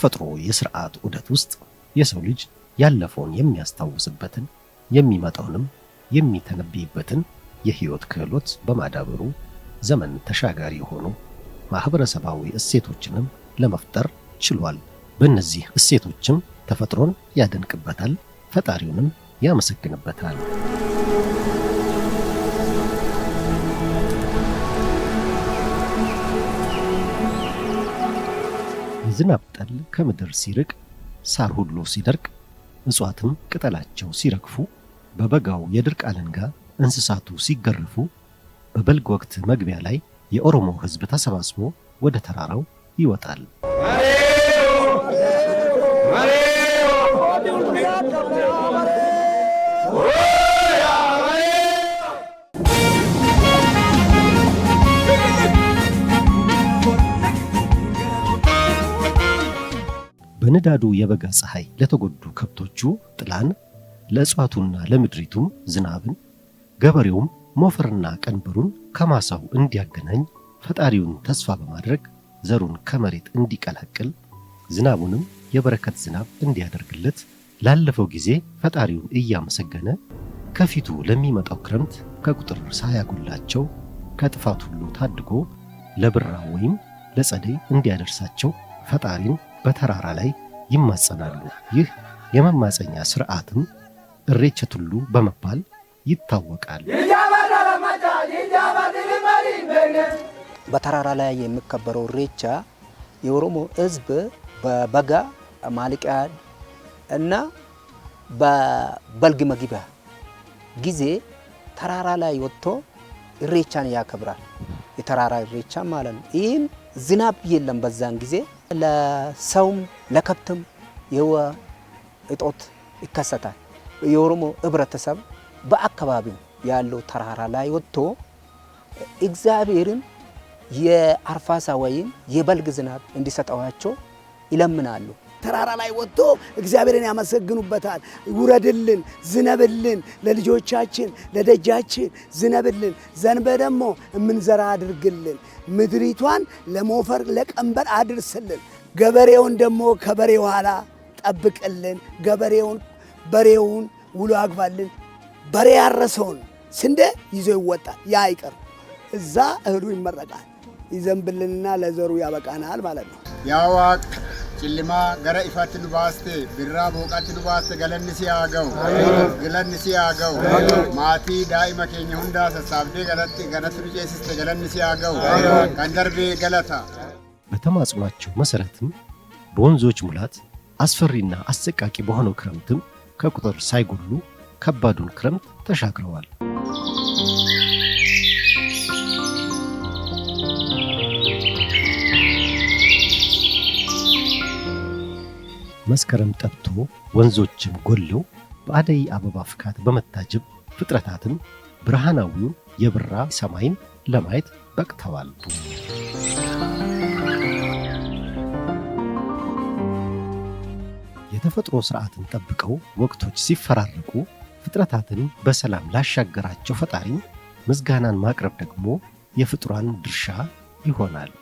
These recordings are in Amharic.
በተፈጥሮ የስርዓት ዑደት ውስጥ የሰው ልጅ ያለፈውን የሚያስታውስበትን የሚመጣውንም የሚተነብይበትን የህይወት ክህሎት በማዳበሩ ዘመን ተሻጋሪ የሆኑ ማህበረሰባዊ እሴቶችንም ለመፍጠር ችሏል። በእነዚህ እሴቶችም ተፈጥሮን ያደንቅበታል፣ ፈጣሪውንም ያመሰግንበታል። ዝናብ ጠል ከምድር ሲርቅ ሳር ሁሉ ሲደርቅ እጽዋትም ቅጠላቸው ሲረግፉ በበጋው የድርቅ አለንጋ እንስሳቱ ሲገረፉ በበልግ ወቅት መግቢያ ላይ የኦሮሞ ሕዝብ ተሰባስቦ ወደ ተራራው ይወጣል። በንዳዱ የበጋ ፀሐይ ለተጎዱ ከብቶቹ ጥላን፣ ለእጽዋቱና ለምድሪቱም ዝናብን፣ ገበሬውም ሞፈርና ቀንበሩን ከማሳው እንዲያገናኝ ፈጣሪውን ተስፋ በማድረግ ዘሩን ከመሬት እንዲቀላቅል ዝናቡንም የበረከት ዝናብ እንዲያደርግለት ላለፈው ጊዜ ፈጣሪውን እያመሰገነ ከፊቱ ለሚመጣው ክረምት ከቁጥር ሳያጎላቸው ከጥፋት ሁሉ ታድጎ ለብራ ወይም ለጸደይ እንዲያደርሳቸው ፈጣሪን በተራራ ላይ ይማጸናሉ። ይህ የመማፀኛ ስርዓትም እሬቻ ቱሉ በመባል ይታወቃል። በተራራ ላይ የሚከበረው እሬቻ የኦሮሞ ህዝብ በበጋ ማልቂያ እና በበልግ መግቢያ ጊዜ ተራራ ላይ ወጥቶ እሬቻን ያከብራል። የተራራ እሬቻ ማለት ነው። ይህም ዝናብ የለም በዛን ጊዜ ለሰውም ለከብትም የውሃ እጦት ይከሰታል። የኦሮሞ ህብረተሰብ በአካባቢው ያለው ተራራ ላይ ወጥቶ እግዚአብሔርን የአርፋሳ ወይም የበልግ ዝናብ እንዲሰጠዋቸው ይለምናሉ። ተራራ ላይ ወጥቶ እግዚአብሔርን ያመሰግኑበታል። ውረድልን፣ ዝነብልን፣ ለልጆቻችን ለደጃችን ዝነብልን፣ ዘንበ ደግሞ የምንዘራ አድርግልን፣ ምድሪቷን ለሞፈር ለቀንበር አድርስልን፣ ገበሬውን ደግሞ ከበሬ ኋላ ጠብቅልን፣ ገበሬውን በሬውን ውሎ አግባልን። በሬ ያረሰውን ስንዴ ይዞ ይወጣል። ያ አይቀር እዛ እህሉ ይመረቃል፣ ይዘንብልንና ለዘሩ ያበቃናል ማለት ነው ያዋቅ Cillima gara ifatti nu baaste birraa booqatti nu baaste galanni si haa ga'u. Galanni si haa ga'u. Maatii daa'ima keenya hundaa sassaabdee galatti galatti nu ceesiste galanni si haa ga'u. Kan darbee galata። በተማጽኗቸው መሰረትም በወንዞች ሙላት አስፈሪና አሰቃቂ በሆነው ክረምትም ከቁጥር ሳይጎሉ ከባዱን ክረምት ተሻግረዋል። መስከረም ጠብቶ ወንዞችም ጎለው በአደይ አበባ ፍካት በመታጀብ ፍጥረታትን ብርሃናዊውን የብራ ሰማይን ለማየት በቅተዋል። የተፈጥሮ ስርዓትን ጠብቀው ወቅቶች ሲፈራረቁ ፍጥረታትን በሰላም ላሻገራቸው ፈጣሪ ምስጋናን ማቅረብ ደግሞ የፍጡራን ድርሻ ይሆናል።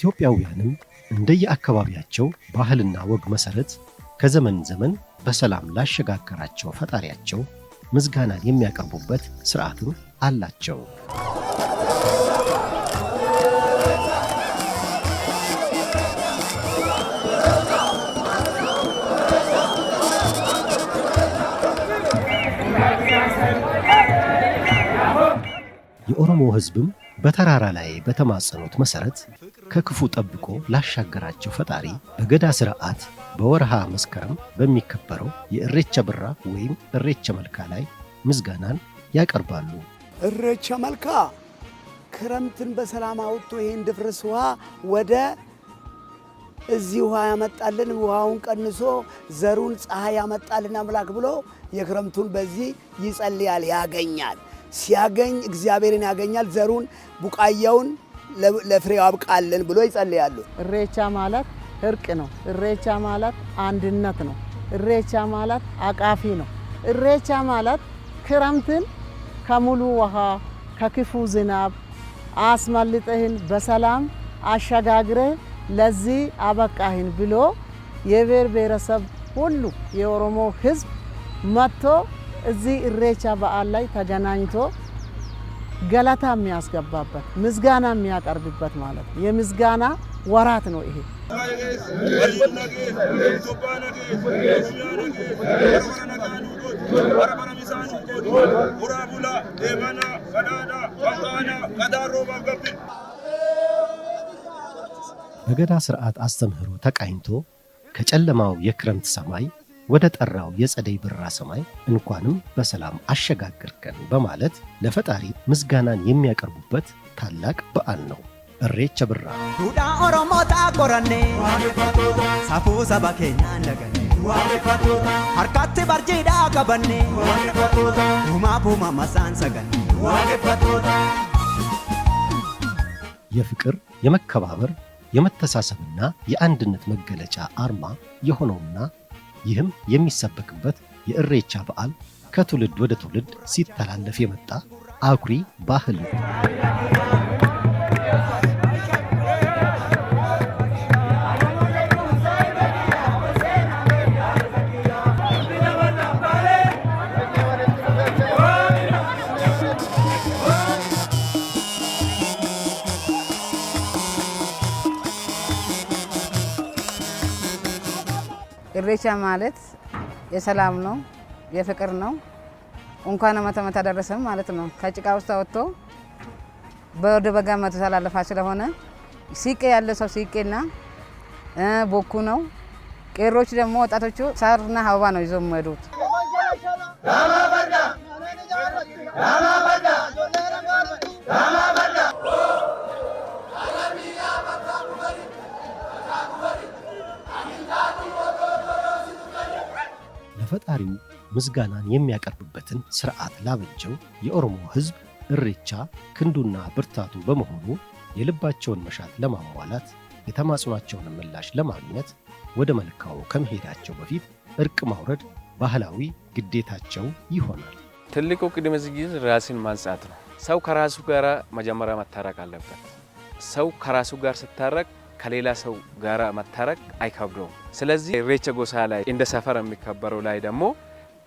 ኢትዮጵያውያንም እንደየአካባቢያቸው ባህልና ወግ መሠረት ከዘመን ዘመን በሰላም ላሸጋገራቸው ፈጣሪያቸው ምስጋናን የሚያቀርቡበት ሥርዓትም አላቸው። የኦሮሞ ሕዝብም በተራራ ላይ በተማጸኑት መሠረት ከክፉ ጠብቆ ላሻገራቸው ፈጣሪ በገዳ ስርዓት በወርሃ መስከረም በሚከበረው የእሬቻ ብራ ወይም እሬቻ መልካ ላይ ምስጋናን ያቀርባሉ። እሬቻ መልካ ክረምትን በሰላም አውጥቶ ይህን ድፍርስ ውሃ ወደ እዚህ ውሃ ያመጣልን ውሃውን ቀንሶ ዘሩን ፀሐይ ያመጣልን አምላክ ብሎ የክረምቱን በዚህ ይጸልያል፣ ያገኛል። ሲያገኝ እግዚአብሔርን ያገኛል። ዘሩን ቡቃያውን ለፍሬው አብቃለን ብሎ ይጸልያሉ። እሬቻ ማለት እርቅ ነው። እሬቻ ማለት አንድነት ነው። እሬቻ ማለት አቃፊ ነው። እሬቻ ማለት ክረምትን ከሙሉ ውሃ ከክፉ ዝናብ አስመልጠህን በሰላም አሸጋግረህ ለዚህ አበቃህን ብሎ የብሔር ብሔረሰብ ሁሉ የኦሮሞ ሕዝብ መጥቶ እዚህ እሬቻ በዓል ላይ ተገናኝቶ ገለታ የሚያስገባበት ምስጋና የሚያቀርብበት ማለት ነው። የምስጋና ወራት ነው ይሄ። በገዳ ስርዓት አስተምህሮ ተቃኝቶ ከጨለማው የክረምት ሰማይ ወደ ጠራው የጸደይ ብራ ሰማይ እንኳንም በሰላም አሸጋግርከን በማለት ለፈጣሪ ምስጋናን የሚያቀርቡበት ታላቅ በዓል ነው። እሬቸ ብራ ዱዳ ኦሮሞ ታቆረኔ ሳፉ ሰባኬኛ እንደገኔ ሀርካት ቀበኔ ቡማ ፑማ መሳን ሰገኔ የፍቅር የመከባበር የመተሳሰብና የአንድነት መገለጫ አርማ የሆነውና ይህም የሚሰበክበት የእሬቻ በዓል ከትውልድ ወደ ትውልድ ሲተላለፍ የመጣ አኩሪ ባህል ነው። ኢሬቻ ማለት የሰላም ነው፣ የፍቅር ነው። እንኳን ዓመተ ምሕረት አደረሰም ማለት ነው። ከጭቃ ውስጥ አወጥቶ በወደ በጋ መቶ ተላለፋ ስለሆነ ሲቄ ያለ ሰው ሲቄና ቦኩ ነው። ቄሮች ደግሞ ወጣቶቹ ሳርና አበባ ነው ይዞ የሚሄዱት። ራማ በርዳ ለፈጣሪው ምስጋናን የሚያቀርብበትን ስርዓት ላበጀው የኦሮሞ ህዝብ እርቻ ክንዱና ብርታቱ በመሆኑ የልባቸውን መሻት ለማሟላት የተማጽኗቸውን ምላሽ ለማግኘት ወደ መልካው ከመሄዳቸው በፊት እርቅ ማውረድ ባህላዊ ግዴታቸው ይሆናል። ትልቁ ቅድመ ዝግጅት ራስን ማንጻት ነው። ሰው ከራሱ ጋር መጀመሪያ መታረቅ አለበት። ሰው ከራሱ ጋር ስታረቅ ከሌላ ሰው ጋር መታረቅ አይከብደውም። ስለዚህ ሬቸ ጎሳ ላይ እንደ ሰፈር የሚከበረው ላይ ደግሞ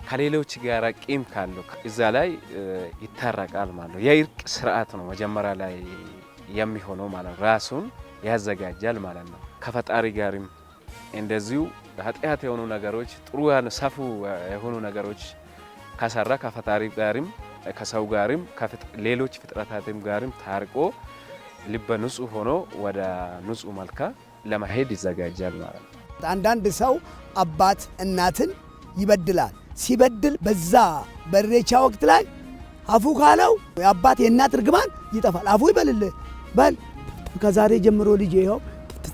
ከሌሎች ጋር ቂም ካለው እዛ ላይ ይታረቃል ማለት ነው። የእርቅ ስርዓት ነው መጀመሪያ ላይ የሚሆነው ማለት ነው። ራሱን ያዘጋጃል ማለት ነው። ከፈጣሪ ጋርም እንደዚሁ ኃጢአት የሆኑ ነገሮች ጥሩ ሰፉ የሆኑ ነገሮች ከሰራ ከፈጣሪ ጋርም ከሰው ጋርም ሌሎች ፍጥረታትም ጋርም ታርቆ ልበ ንጹህ ሆኖ ወደ ንጹህ መልካ ለመሄድ ይዘጋጃል ማለት ነው። አንዳንድ ሰው አባት እናትን ይበድላል። ሲበድል በዛ በሬቻ ወቅት ላይ አፉ ካለው የአባት የእናት እርግማን ይጠፋል። አፉ ይበልልህ በል ከዛሬ ጀምሮ ልጅ ይኸው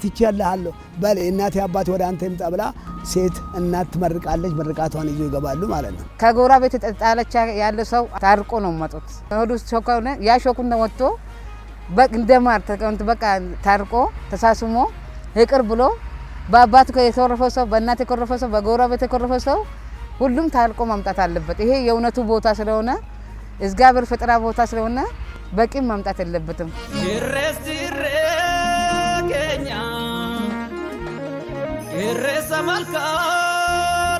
ትቼልሃለሁ በል የእናቴ አባት ወደ አንተ ይምጣ ብላ ሴት እናት ትመርቃለች። መርቃቷን ይዞ ይገባሉ ማለት ነው። ከጎረቤት የተጣለች ያለ ሰው ታርቆ ነው መጡት ሆዱ ያ ሾኩን ወጥቶ እንደ ማር ተቀምጥ በቃ ታርቆ ተሳስሞ ይቅር ብሎ በአባት የተረፈ ሰው በእናት የተረፈ ሰው በጎረቤት የተረፈ ሰው ሁሉም ታርቆ ማምጣት አለበት። ይሄ የእውነቱ ቦታ ስለሆነ እግዚአብሔር ፈጠራ ቦታ ስለሆነ በቂም ማምጣት የለበትም። ይሬስ ይሬገኛ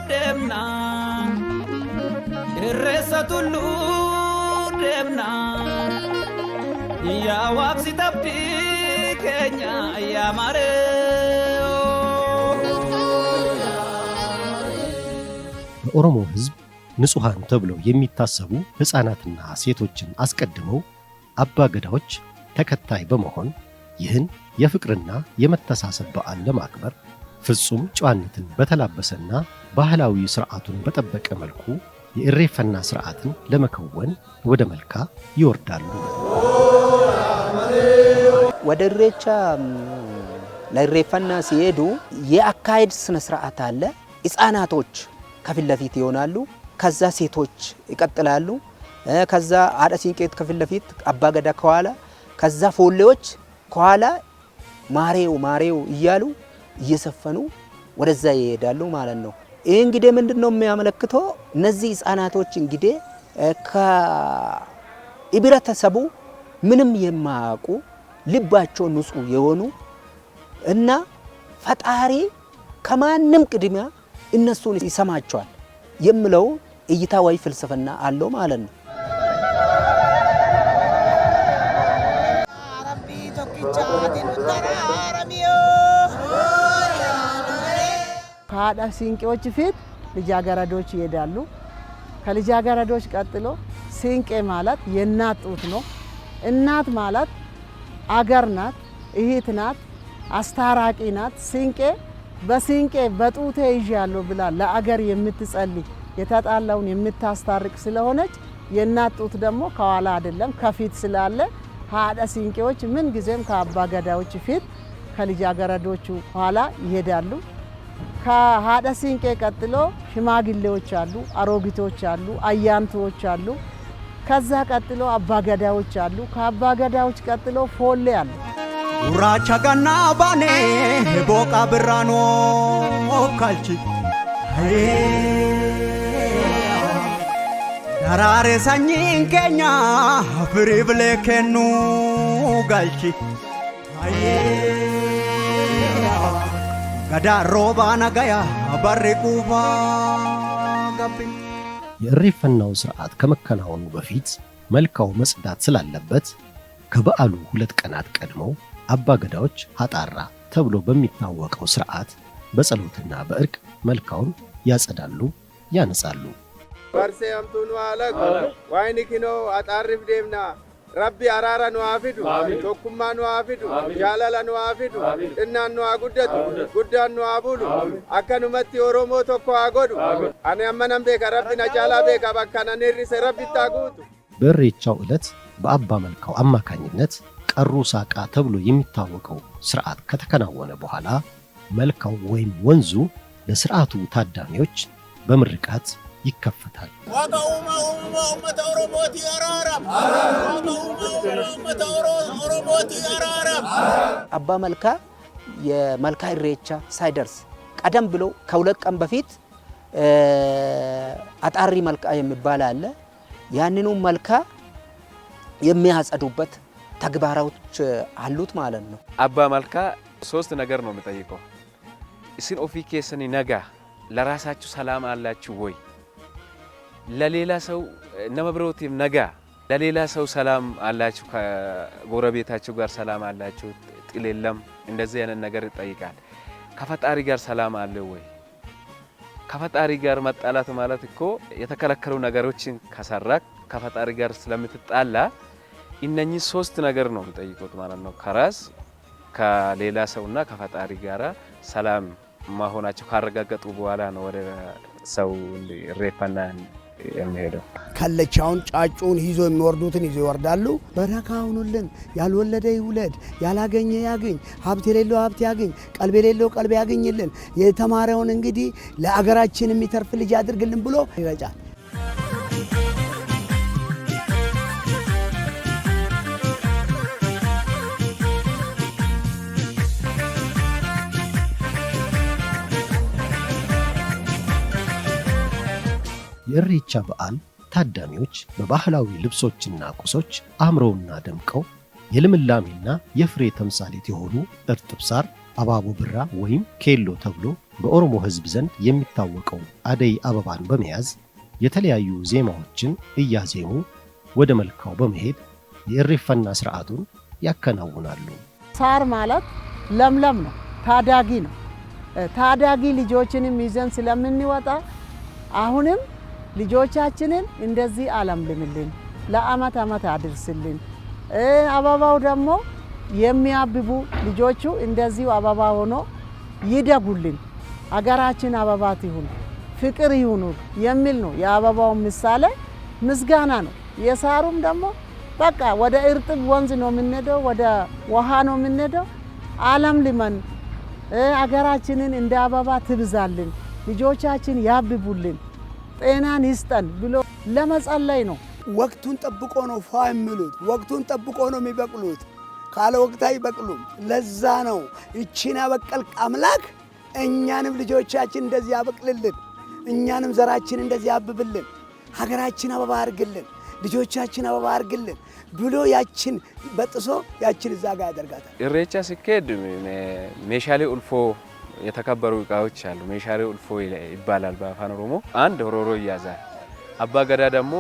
ደምና እያዋብ ሲጠብቀኛ በኦሮሞ ህዝብ ንጹሐን ተብለው የሚታሰቡ ሕፃናትና ሴቶችን አስቀድመው አባ ገዳዎች ተከታይ በመሆን ይህን የፍቅርና የመተሳሰብ በዓል ለማክበር ፍጹም ጨዋነትን በተላበሰና ባህላዊ ሥርዓቱን በጠበቀ መልኩ የእሬፈና ሥርዓትን ለመከወን ወደ መልካ ይወርዳሉ። ወደ እሬቻ ለእሬፈና ሲሄዱ የአካሄድ ስነ ስርዓት አለ። ህጻናቶች ከፊት ለፊት ይሆናሉ። ከዛ ሴቶች ይቀጥላሉ። ከዛ አደ ሲንቄት ከፊት ለፊት፣ አባገዳ ከኋላ፣ ከዛ ፎሌዎች ከኋላ ማሬው ማሬው እያሉ እየሰፈኑ ወደዛ ይሄዳሉ ማለት ነው። ይህ እንግዲህ ምንድን ነው የሚያመለክተው? እነዚህ ህጻናቶች እንግዲህ ከህብረተሰቡ ምንም የማያውቁ ልባቸው ንጹ የሆኑ እና ፈጣሪ ከማንም ቅድሚያ እነሱን ይሰማቸዋል የምለው እይታ ወይ ፍልስፍና አለው ማለት ነው። ከአዳ ሲንቄዎች ፊት ልጃገረዶች ይሄዳሉ። ከልጃገረዶች ቀጥሎ ሲንቄ ማለት የእናት ጡት ነው። እናት ማለት አገር ናት፣ እህት ናት፣ አስታራቂ ናት። ስንቄ በስንቄ በጡቴ ይዣለሁ ብላ ለአገር የምትጸልይ የተጣላውን የምታስታርቅ ስለሆነች የእናት ጡት ደግሞ ከኋላ አይደለም ከፊት ስላለ ሀደ ሲንቄዎች ምን ጊዜም ከአባ ገዳዎች ፊት ከልጃገረዶቹ ኋላ ይሄዳሉ። ከሀደ ሲንቄ ቀጥሎ ሽማግሌዎች አሉ፣ አሮጊቶች አሉ፣ አያንቶዎች አሉ። ከዛ ቀጥሎ አባገዳዎች አሉ። ከአባገዳዎች ቀጥሎ ፎሌ አለ። ውራቻ ጋና ባኔ ህቦቃ ብራ ኖ ካልቺ ዳራሬ ሳኝን አፍሪ ብሌ ኬኑ ጋልቺ ገዳ ሮባ ነጋያ አባሬ ቁባ ጋቢኝ የእሪፈናው ስርዓት ከመከናወኑ በፊት መልካው መጽዳት ስላለበት ከበዓሉ ሁለት ቀናት ቀድሞ አባገዳዎች ሀጣራ ተብሎ በሚታወቀው ስርዓት በጸሎትና በእርቅ መልካውን ያጸዳሉ፣ ያነጻሉ። ባርሴ አምቱኑ አለቅ ዋይኒኪኖ አጣሪፍ ዴምና Rabbi araara nu haa fidu, tokkummaa nu haa fidu, jaalala nu haa fidu, xinnaan nu haa guddatu, guddaan nu haa bulu, akkanumatti Oromoo tokko haa godhu. Ani ammanan beeka Rabbi na caalaa beeka bakka nan hir'ise Rabbi itti haa guutu. በኢሬቻው ዕለት በአባ መልካው አማካኝነት ቀሩ ሳቃ ተብሎ የሚታወቀው ሥርዓት ከተከናወነ በኋላ መልካው ወይም ወንዙ ለሥርዓቱ ታዳሚዎች በምርቃት ይከፈታል። አባ መልካ የመልካ ኢሬቻ ሳይደርስ ቀደም ብሎ ከሁለት ቀን በፊት አጣሪ መልካ የሚባል አለ። ያንኑ መልካ የሚያጸዱበት ተግባራዎች አሉት ማለት ነው። አባ መልካ ሶስት ነገር ነው የሚጠይቀው። እስን ኦፊኬስን ነጋ ለራሳችሁ ሰላም አላችሁ ወይ? ለሌላ ሰው ነመብረውት ነጋ ለሌላ ሰው ሰላም አላችሁ፣ ከጎረቤታችሁ ጋር ሰላም አላችሁ፣ ጥል የለም። እንደዚህ አይነት ነገር ይጠይቃል። ከፈጣሪ ጋር ሰላም አለ ወይ? ከፈጣሪ ጋር መጣላት ማለት እኮ የተከለከሉ ነገሮችን ከሰራ ከፈጣሪ ጋር ስለምትጣላ እነኚህ ሶስት ነገር ነው የሚጠይቁት ማለት ነው። ከራስ ከሌላ ሰውና ከፈጣሪ ጋር ሰላም መሆናቸው ካረጋገጡ በኋላ ነው ወደ ሰው እሬፋና የሚሄደው ከለቻውን ጫጩን ይዞ የሚወርዱትን ይዞ ይወርዳሉ። በረካ ሁኑልን። ያልወለደ ይውለድ፣ ያላገኘ ያግኝ፣ ሀብት የሌለው ሀብት ያግኝ፣ ቀልብ የሌለው ቀልብ ያግኝልን። የተማረውን እንግዲህ ለአገራችን የሚተርፍ ልጅ ያድርግልን ብሎ ይረጫል። የእሬቻ በዓል ታዳሚዎች በባህላዊ ልብሶችና ቁሶች አምረውና ደምቀው የልምላሜና የፍሬ ተምሳሌት የሆኑ እርጥብ ሳር አባቦ ብራ ወይም ኬሎ ተብሎ በኦሮሞ ሕዝብ ዘንድ የሚታወቀው አደይ አበባን በመያዝ የተለያዩ ዜማዎችን እያዜሙ ወደ መልካው በመሄድ የእሬፈና ስርዓቱን ያከናውናሉ። ሳር ማለት ለምለም ነው፣ ታዳጊ ነው። ታዳጊ ልጆችንም ይዘን ስለምንወጣ አሁንም ልጆቻችንን እንደዚህ አለምልምልን፣ ለአመት አመት አድርስልን። አበባው ደግሞ የሚያብቡ ልጆቹ እንደዚሁ አበባ ሆኖ ይደጉልን። አገራችን አበባት ይሁን ፍቅር ይሁኑ የሚል ነው። የአበባው ምሳሌ ምስጋና ነው። የሳሩም ደግሞ በቃ ወደ እርጥብ ወንዝ ነው የምንሄደው፣ ወደ ውሃ ነው የምንሄደው። አለም ልመን አገራችንን እንደ አበባ ትብዛልን፣ ልጆቻችን ያብቡልን። ጤናን ይስጠን ብሎ ለመጸለይ ነው። ወቅቱን ጠብቆ ነው ፏ የሚሉት። ወቅቱን ጠብቆ ነው የሚበቅሉት። ካለ ወቅት አይበቅሉም። ለዛ ነው ይቺን ያበቀል አምላክ እኛንም ልጆቻችን እንደዚህ ያበቅልልን፣ እኛንም ዘራችን እንደዚህ ያብብልን፣ ሀገራችን አበባ አርግልን፣ ልጆቻችን አበባ አርግልን ብሎ ያችን በጥሶ ያችን እዛ ጋር ያደርጋታል። ኢሬቻ ሲካሄድ ሜሻሌ ኡልፎ የተከበሩ እቃዎች አሉ። ሜሻሪ ኡልፎ ይባላል በአፋን ኦሮሞ። አንድ ሮሮ ይያዛል። አባ ገዳ ደግሞ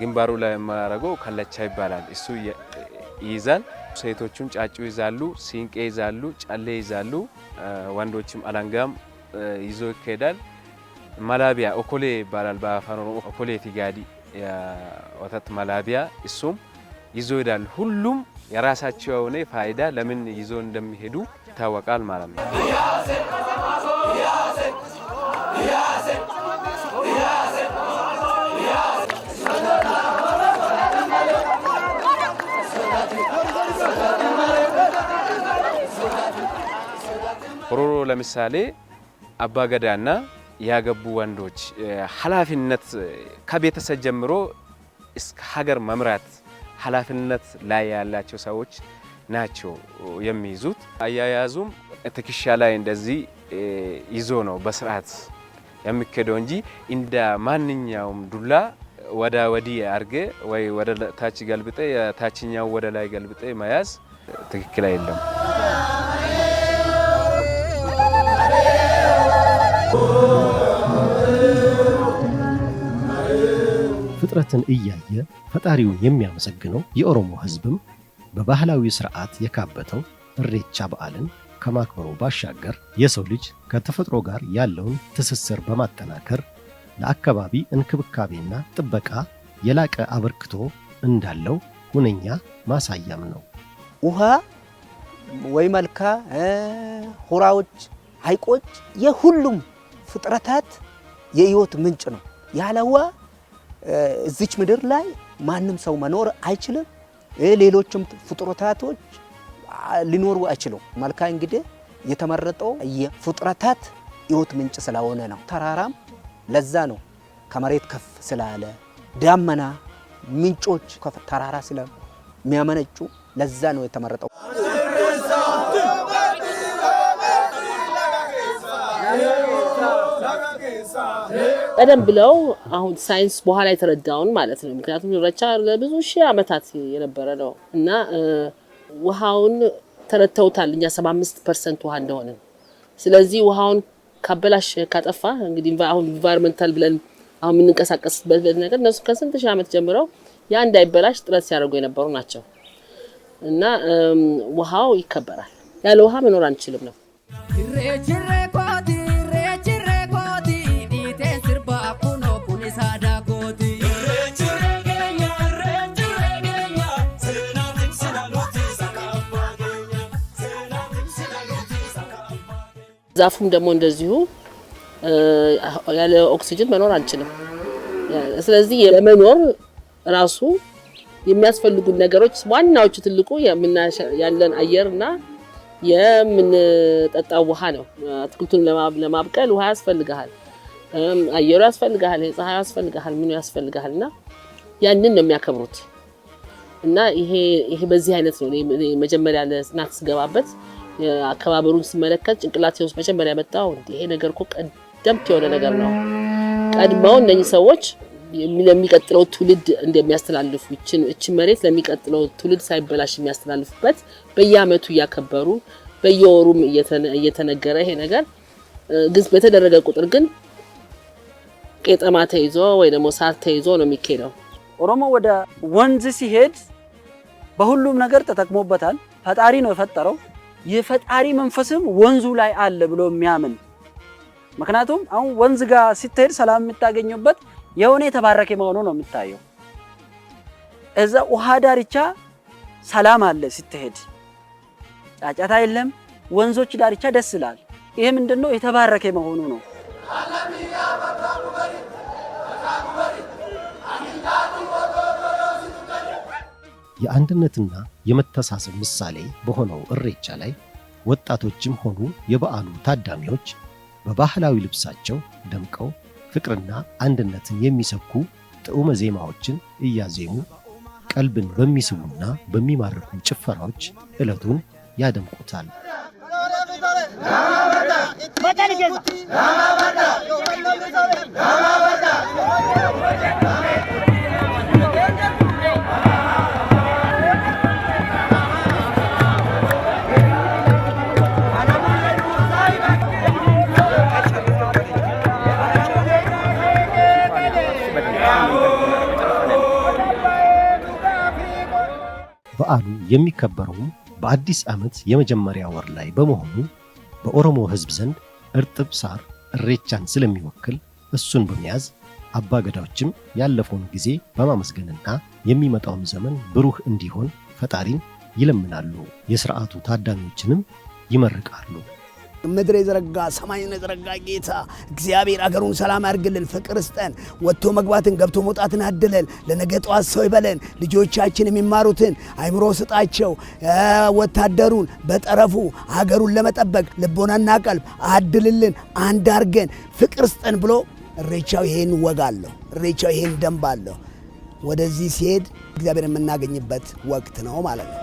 ግንባሩ ላይ የማያደርገው ከለቻ ይባላል። እሱ ይይዛል። ሴቶቹም ጫጩ ይዛሉ፣ ሲንቄ ይዛሉ፣ ጨሌ ይዛሉ። ወንዶችም አላንጋም ይዞ ይካሄዳል። መላቢያ ኦኮሌ ይባላል በአፋን ኦሮሞ። ኦኮሌ ቲጋዲ ወተት መላቢያ እሱም ይዞ ይሄዳል። ሁሉም የራሳቸው የሆነ ፋይዳ ለምን ይዞ እንደሚሄዱ ይታወቃል ማለት ነው። ሮሮ ለምሳሌ አባገዳና ያገቡ ወንዶች ኃላፊነት ከቤተሰብ ጀምሮ እስከ ሀገር መምራት ኃላፊነት ላይ ያላቸው ሰዎች ናቸው የሚይዙት። አያያዙም ትከሻ ላይ እንደዚህ ይዞ ነው በስርዓት የሚከደው እንጂ እንደ ማንኛውም ዱላ ወደ ወዲህ አርገ ወይ ወደ ታች ገልብጠ የታችኛው ወደ ላይ ገልብጠ መያዝ ትክክል አይደለም። ፍጥረትን እያየ ፈጣሪውን የሚያመሰግነው የኦሮሞ ሕዝብም በባህላዊ ስርዓት የካበተው እሬቻ በዓልን ከማክበሩ ባሻገር የሰው ልጅ ከተፈጥሮ ጋር ያለውን ትስስር በማጠናከር ለአካባቢ እንክብካቤና ጥበቃ የላቀ አበርክቶ እንዳለው ሁነኛ ማሳያም ነው። ውሃ ወይ መልካ፣ ሁራዎች፣ ሐይቆች የሁሉም ፍጥረታት የህይወት ምንጭ ነው። ያለ ውሃ እዚች ምድር ላይ ማንም ሰው መኖር አይችልም። ሌሎችም ፍጥረታቶች ሊኖሩ አይችሉም። መልካ እንግዲህ የተመረጠው የፍጥረታት ህይወት ምንጭ ስለሆነ ነው። ተራራም ለዛ ነው ከመሬት ከፍ ስላለ ዳመና ምንጮች ተራራ ስለሚያመነጩ ለዛ ነው የተመረጠው። ቀደም ብለው አሁን ሳይንስ በኋላ የተረዳውን ማለት ነው። ምክንያቱም ኢሬቻ ለብዙ ሺህ ዓመታት የነበረ ነው እና ውሃውን ተረድተውታል። እኛ 75 ፐርሰንት ውሃ እንደሆነ ስለዚህ ውሃውን ካበላሽ ካጠፋ እንግዲህ አሁን ኢንቫይሮንመንታል ብለን አሁን የምንንቀሳቀስበት ነገር እነሱ ከስንት ሺህ ዓመት ጀምረው ያ እንዳይበላሽ ጥረት ሲያደርጉ የነበሩ ናቸው እና ውሃው ይከበራል። ያለ ውሃ መኖር አንችልም ነው ዛፉም ደግሞ እንደዚሁ ያለ ኦክሲጅን መኖር አንችልም። ስለዚህ ለመኖር ራሱ የሚያስፈልጉን ነገሮች ዋናዎቹ ትልቁ ያለን አየር እና የምንጠጣው ውሃ ነው። አትክልቱን ለማብቀል ውሃ ያስፈልግሃል፣ አየሩ ያስፈልግሃል፣ ፀሐዩ ያስፈልግሃል፣ ምኑ ያስፈልግሃል እና ያንን ነው የሚያከብሩት እና ይሄ በዚህ አይነት ነው መጀመሪያ ለጽናት ስገባበት አከባበሩን ስመለከት ጭንቅላቴ ውስጥ መጀመሪያ መጣው ይሄ ነገር እኮ ቀደምት የሆነ ነገር ነው። ቀድመው እነኚህ ሰዎች ለሚቀጥለው ትውልድ እንደሚያስተላልፉ እችን መሬት ለሚቀጥለው ትውልድ ሳይበላሽ የሚያስተላልፉበት በየአመቱ እያከበሩ በየወሩም እየተነገረ ይሄ ነገር ግን በተደረገ ቁጥር ግን ቄጠማ ተይዞ ወይ ደግሞ ሳር ተይዞ ነው የሚካሄደው። ኦሮሞ ወደ ወንዝ ሲሄድ በሁሉም ነገር ተጠቅሞበታል። ፈጣሪ ነው የፈጠረው። የፈጣሪ መንፈስም ወንዙ ላይ አለ ብሎ የሚያምን ምክንያቱም አሁን ወንዝ ጋር ስትሄድ ሰላም የምታገኙበት የሆነ የተባረከ መሆኑ ነው የምታየው። እዛ ውሃ ዳርቻ ሰላም አለ ስትሄድ፣ ጫጫታ የለም። ወንዞች ዳርቻ ደስ ይላል። ይሄ ምንድነው? የተባረከ መሆኑ ነው። የአንድነትና የመተሳሰብ ምሳሌ በሆነው እሬቻ ላይ ወጣቶችም ሆኑ የበዓሉ ታዳሚዎች በባህላዊ ልብሳቸው ደምቀው ፍቅርና አንድነትን የሚሰብኩ ጥዑመ ዜማዎችን እያዜሙ ቀልብን በሚስቡና በሚማርኩ ጭፈራዎች ዕለቱን ያደምቁታል። በዓሉ የሚከበረውም በአዲስ ዓመት የመጀመሪያ ወር ላይ በመሆኑ በኦሮሞ ሕዝብ ዘንድ እርጥብ ሳር እሬቻን ስለሚወክል እሱን በመያዝ አባ ገዳዎችም ያለፈውን ጊዜ በማመስገንና የሚመጣውም ዘመን ብሩህ እንዲሆን ፈጣሪን ይለምናሉ። የሥርዓቱ ታዳሚዎችንም ይመርቃሉ። ምድር የዘረጋ ሰማይን የዘረጋ ጌታ እግዚአብሔር አገሩን ሰላም አድርግልን፣ ፍቅር ስጠን፣ ወጥቶ መግባትን ገብቶ መውጣትን አድለን፣ ለነገ ጠዋት ሰው ይበለን። ልጆቻችን የሚማሩትን አይምሮ ስጣቸው። ወታደሩን በጠረፉ አገሩን ለመጠበቅ ልቦናና ቀልብ አድልልን፣ አንድ አርገን ፍቅር ስጠን ብሎ እሬቻው ይሄን ወግ እሬቻው ይሄን ደንብ አለሁ። ወደዚህ ሲሄድ እግዚአብሔር የምናገኝበት ወቅት ነው ማለት ነው።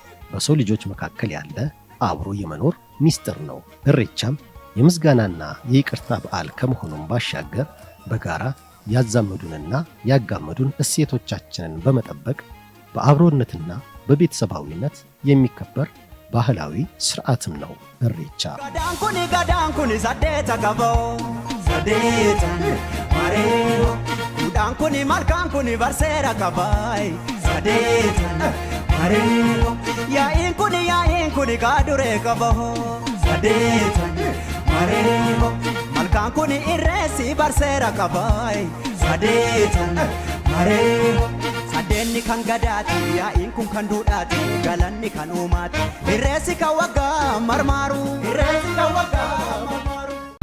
በሰው ልጆች መካከል ያለ አብሮ የመኖር ሚስጥር ነው። እሬቻም የምስጋናና የይቅርታ በዓል ከመሆኑም ባሻገር በጋራ ያዛመዱንና ያጋመዱን እሴቶቻችንን በመጠበቅ በአብሮነትና በቤተሰባዊነት የሚከበር ባህላዊ ስርዓትም ነው። እሬቻ ማሬ ባርሴራ Areero yaa'iin kun yaa'iin kun gaaduree qabaho sadeetan mareero malkaan kun irreessi barseera qabaaye sadeetan mareero sadeenni kan gadaati yaa'iin kun kan duudhaati galanni kan uumaati irreessi kan waggaa marmaaru irreessi kan waggaa marmaaru.